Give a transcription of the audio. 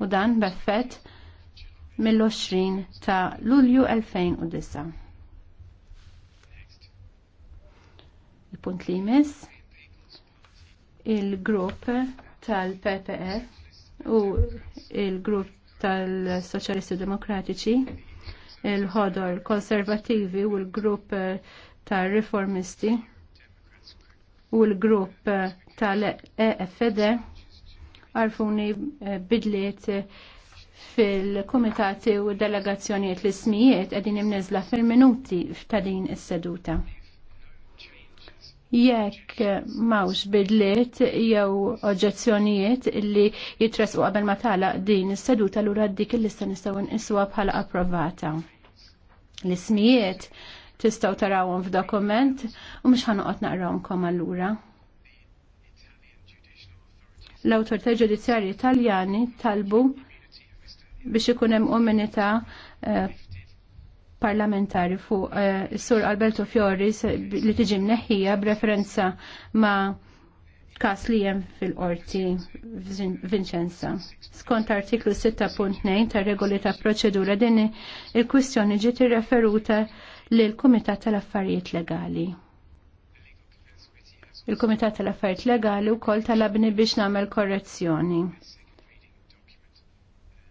u dan beffet mill-20 ta' Lulju 2009. Il-punt li jmiss il-grupp tal-PPE u il-grupp tal-Soċjalisti Demokratiċi il-ħodor konservativi u l-grupp tal-Reformisti u l-grupp tal-EFD għarfuni eh, bidliet eh, fil-komitati u delegazzjoniet l-ismijiet għedin imnezla fil-minuti ta' din is-seduta. Jekk mawx bidliet jew oġġezzjonijiet li jitresqu qabel ma tagħlaq din is-seduta lura dik il-lista nistgħu nqiswa bħala approvata. L-ismijiet tistgħu tarawhom f'dokument u mhux ħanoqgħod naqrawhom allura l-autorità ġudizzjarji Italjani talbu biex ikun hemm omenità eh, parlamentari fuq eh, is-sur Alberto Fiori li tiġi mneħħija b'referenza ma' kas li jem fil-qorti Vincenza. Skont artiklu 6.2 ta' regoli ta' proċedura din il-kwistjoni ġiet irreferuta lill kumitat tal-Affarijiet Legali. Il-Kumitat tal-Affarijiet Legali wkoll talabni biex nagħmel korrezzjoni.